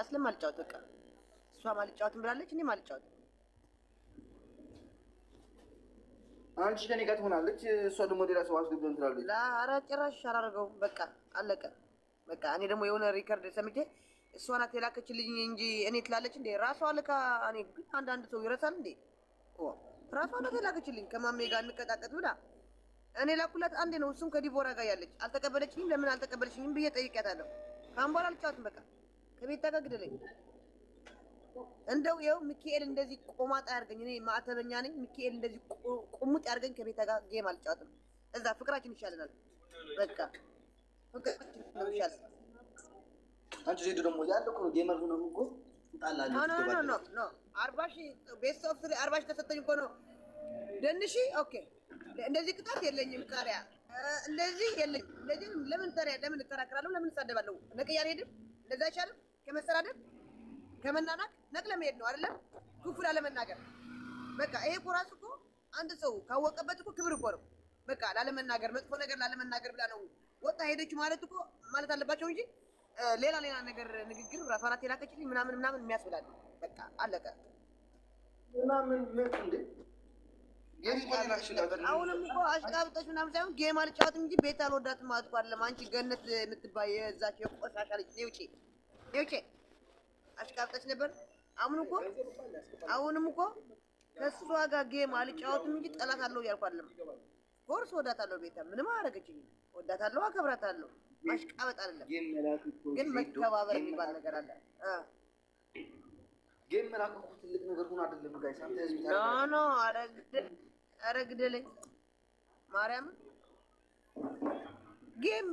አስለም አልጫወት በቃ እሷ አልጫወትም ብላለች፣ እኔም አልጫወትም። አንቺ ከኔ ጋር ትሆናለች፣ እሷ ደግሞ ሌላ ሰው አስገብተን ትላለች። ኧረ ጭራሽ አላደርገውም። በቃ አለቀ። በቃ እኔ ደግሞ የሆነ ሪከርድ ሰምቼ እሷ ናት የላከችልኝ እንጂ እኔ ትላለች እንዴ ራሷ ልካ። እኔ ግን አንዳንድ ሰው ይረሳል እንዴ ራሷ ናት የላከችልኝ ከማሜ ጋር እንቀጣቀጥ ብላ እኔ ላኩላት አንዴ ነው፣ እሱም ከዲቦራ ጋር ያለች አልተቀበለችኝም። ለምን አልተቀበለችኝም ብዬ ጠይቄያታለሁ። ከአምቧላ አልጫወትም በቃ ከቤት ታጋግደለኝ። እንደው ይኸው ሚካኤል እንደዚህ ቆማጣ ያርገኝ። እኔ ማዕተበኛ ነኝ። ሚካኤል እንደዚህ ቁሙጥ ያርገኝ። ከቤት ጋር ጌም አልጫወትም። እዛ ፍቅራችን ይሻለናል። በቃ ፍቅራችን ይሻለናል። አንቺ ዜድ ደግሞ ያለ ጌመር ሆነ እኮ አርባ ሺህ ቤስት ኦፍ ስሪ አርባ ሺህ ተሰጠኝ እኮ ነው ደንሺ። ኦኬ እንደዚህ ቅጣት የለኝም። ቃሪያ እንደዚህ የለኝም። ለምን ተሪያ ለምን እከራከራለሁ? ለምን እሳደባለሁ? ነቅያ አልሄድም። እንደዛ ከመሰዳደብ ከመናናቅ ነቅለ መሄድ ነው አይደለም? ክፉ ላለመናገር በቃ ይሄ እኮ ራሱ እኮ አንድ ሰው ካወቀበት እኮ ክብር እኮ ነው። በቃ ላለመናገር፣ መጥፎ ነገር ላለመናገር ብላ ነው ወጣ ሄደች ማለት እኮ ማለት አለባቸው እንጂ ሌላ ሌላ ነገር ንግግር ራሷናት የላከችልኝ ምናምን ምናምን የሚያስብላል። በቃ አለቀ። ምናምን እንዴ አሁንም እኮ አሽቃብጠሽ ምናምን ሳይሆን ጌም አልጫወትም እንጂ ቤት አልወዳትም አትኳለም። አንቺ ገነት የምትባይ የዛች የቆሻሻ ልጅ ውጪ ኦኬ አሽቃብጠች ነበር። አሁን እኮ አሁንም እኮ ከእሷ ጋር ጌም አልጫወትም እንጂ ጠላት አለው እያልኩ አይደለም። ኮርስ ወዳታለሁ፣ ቤታ ምንም አረገችኝ፣ ወዳታለሁ፣ አከብራታለሁ። ማሽቃበጥ አይደለም ግን መከባበር የሚባል ነገር አለ። ጌም መላክ እኮ ትልቅ ነገር ሆኖ አይደለም ጋይስ። አንተ ህዝብ ኖ ኧረ ግደለኝ ጌም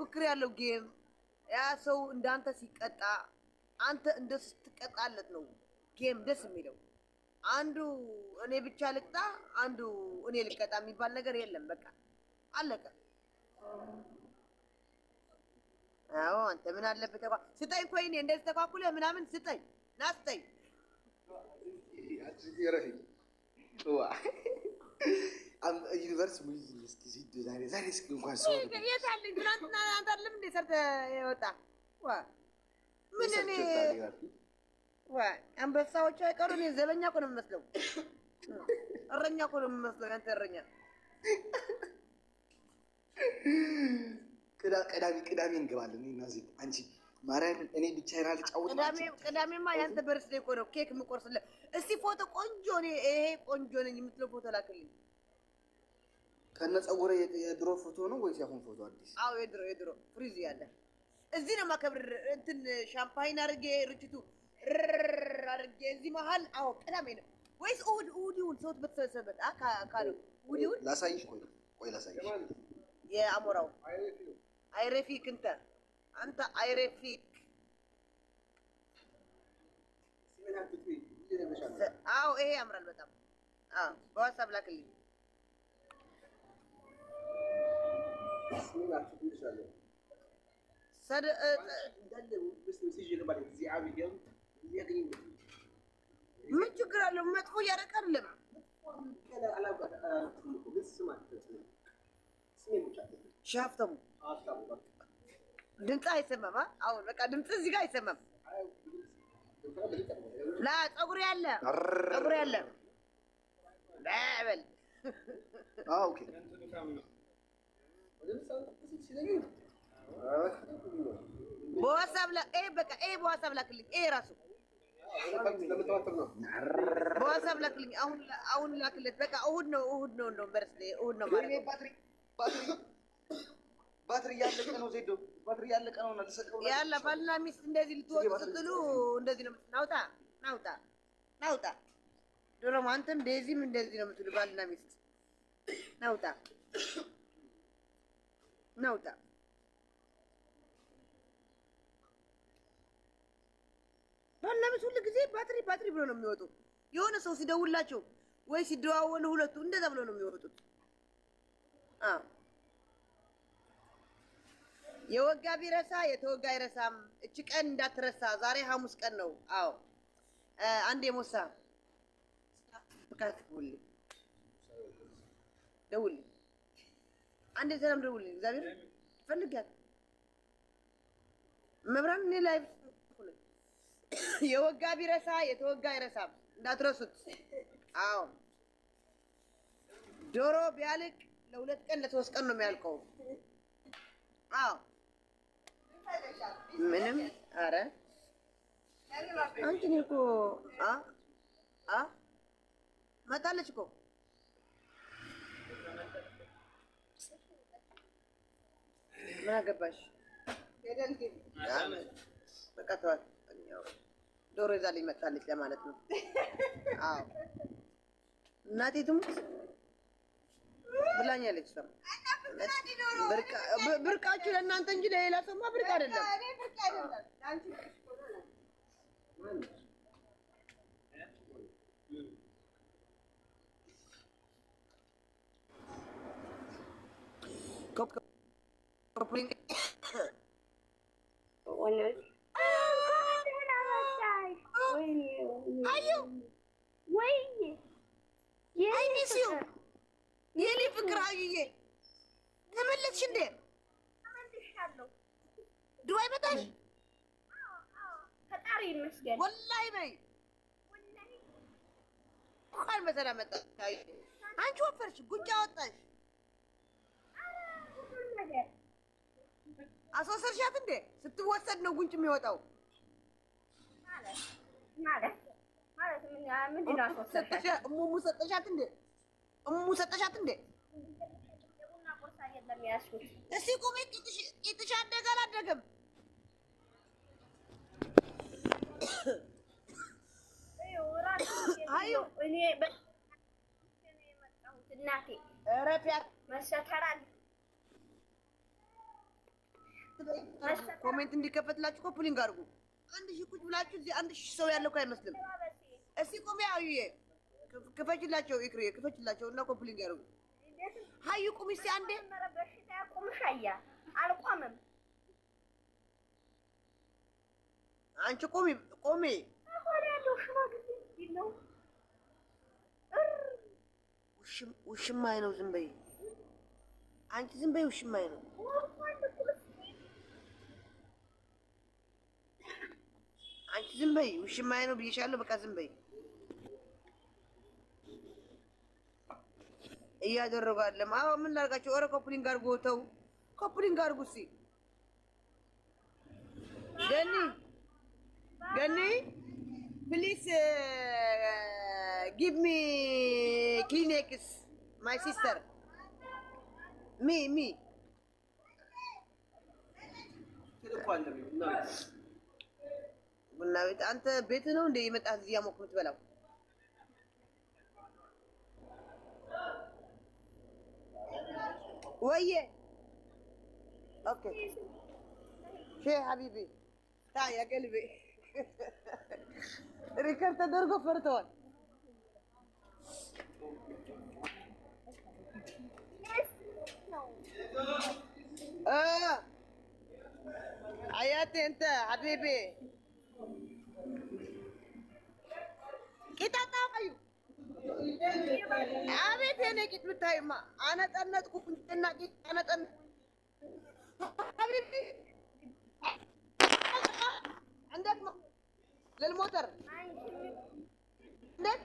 ፉክክር ያለው ጌም ያ ሰው እንዳንተ ሲቀጣ አንተ እንደ ስትቀጣለት ነው ጌም ደስ የሚለው። አንዱ እኔ ብቻ ልቅጣ፣ አንዱ እኔ ልቀጣ የሚባል ነገር የለም። በቃ አለቀ። አዎ አንተ ምን አለበት ተባ ስጠኝ፣ ቆይ እኔ እንደዚህ ተኳኩለ ምናምን ስጠኝ፣ ና ስጠኝ ዩኒቨርስ አንበሳዎቹ አይቀሩ ዘበኛ እኮ ነው የምመስለው፣ እረኛ እኮ ነው የምመስለው። ያንተ እረኛ ቅዳሜ ቅዳሜ እንገባለን እና እዚህ አንቺ እኔ ብቻ ይራል ጫወት። ቅዳሜማ ያንተ በርስ ላይ እኮ ነው ኬክ የምቆርስልህ። እስቲ ፎቶ ቆንጆ፣ እኔ ይሄ ቆንጆ ነኝ የምትለው ፎቶ ላክልኝ። ከነ ጸጉር የድሮ ፎቶ ነው ወይስ ያሁን ፎቶ? አዲስ? አዎ የድሮ የድሮ ፍሪዝ ያለ እዚህ ነው ማከብር እንትን ሻምፓይን አድርጌ ርጭቱ አድርጌ እዚህ መሀል። አዎ ቅዳሜ ነው ወይስ እሑድ? እሑድ ይሁን ሰውት በተሰበሰበት ካሉ እሑድ ይሁን። ላሳይሽ፣ ቆይ ቆይ ላሳይሽ። የአሞራው አይሬፊክ እንተ አንተ አይሬፊክ አዎ ይሄ ያምራል በጣም በዋትሳፕ ላክልኝ ምን ችግር አለው? መጥፎ እያደረገ አይደለም። ሻፍተሙ ድምፅ አይሰማም። አሁን በቃ ድምፅ እዚህ ጋር አይሰማም። ላ ፀጉር ያለ ፀጉር ያለ በል በዋትሳፕ ይሄ በቃ ይሄ በዋትሳፕ ላክልኝ። ይሄ ራሱ በዋትሳፕ ላክልኝ። አሁን አሁን ላክለት። በቃ እሑድ ነው እሑድ ነው እንደውም በርዝዴ እሑድ ነው ማለት ነው። ባትሪ ያለቀ ነው። ዜዶ ባትሪ ያለቀ ነው። ያለ ባልና ሚስት እንደዚህ ልትወጡ ስትሉ እንደዚህ ነው። ናውጣ ናውጣ ናውጣ። ድሮም አንተም እንደዚህም እንደዚህ ነው የምትሉ ባልና ሚስት ናውጣ ነውጣ ባለቤት ሁሉ ጊዜ ባትሪ ባትሪ ብሎ ነው የሚወጡ። የሆነ ሰው ሲደውላቸው ወይ ሲደዋወሉ ሁለቱ እንደዛ ብሎ ነው የሚወጡት። የወጋ ቢረሳ የተወጋ አይረሳም። እች ቀን እንዳትረሳ፣ ዛሬ ሐሙስ ቀን ነው። አዎ አንዴ ሞሳ ደውልኝ አንድ ሰላም ደውልልኝ። እግዚአብሔር ፈልጋት መብራን እኔ ላይ የወጋ ቢረሳ የተወጋ አይረሳም፣ እንዳትረሱት። አዎ ዶሮ ቢያልቅ ለሁለት ቀን ለሶስት ቀን ነው የሚያልቀው። አዎ ምንም አረ አንቺ እኮ አ አ መጣለች እኮ ምን አገባሽ? በቃ ተዋት። ዶሮ ይዛ ላይ መጣለች ለማለት ነው። አዎ እናቴ ትሙት ብላኛለች። ሰው ብርቃችሁ ለእናንተ እንጂ ለሌላ ሰውማ ብርቅ አይደለም። bring የኔ ፍቅር አዩዬ ተመለስሽ እንዴ? ዱባይ መጣሽ? ፈጣሪ ይመስገን። ወላሂ በይ እንኳን በሰላም መጣሽ። አንቺ ወፈርሽ፣ ጉንጫ ወጣሽ። አስወሰድሻት እንዴ? ስትወሰድ ነው ጉንጭ የሚወጣው ማለት ማለት ማለት ሰጠሻት እንዴ? ሰጠሻት እንዴ? እስኪ ቁሚ፣ ቂጥሽ አደገ አላደገም? እኔ ኮሜንት እንዲከፈትላችሁ ኮ ፑሊንግ አድርጉ። አንድ ሺህ ቁጭ ብላችሁ እዚህ አንድ ሺህ ሰው ያለው እኮ አይመስልም። እስቲ ቁሚ አዩዬ፣ ክፈችላቸው፣ ይክሪ ክፈችላቸው እና ኮ ፑሊንግ ያድርጉ። ሀዩ ቁሚ እስቲ አንዴ። አልቆምም። አንቺ ቁሚ ቁሚ ውሽማይ ነው። ዝም በይ አንቺ፣ ዝም በይ ነው። አንቺ ዝም በይ። ውሽማዬ ነው ብዬሻለሁ። በቃ ዝም በይ። እያደረጉ አይደለም። አዎ ምን ላድርጋቸው? ኧረ ኮፕሊንግ አድርጎ ተው፣ ኮፕሊንግ አድርጉ። እስኪ ገኒ ገኒ ፕሊስ ጊቭ ሚ ክሊኒክስ ማይ ሲስተር ሚ ሚ ቡና ቤት አንተ ቤት ነው እንደ የመጣህ እዚህ ያሞቅ የምትበላው ወየ ኦኬ ሼህ ሀቢቢ ታ ያ ቀልቤ ሪከርድ ተደርጎ ፈርተዋል። አያቴ እንተ ሀቢቢ ቂጣጣ ቆዩ። አቤት የኔ ቂጥ ብታይማ አነጠነጥኩ እና ቂጥ አነጠነጥኩ። እንዴት ነው ልልሞተር እንዴት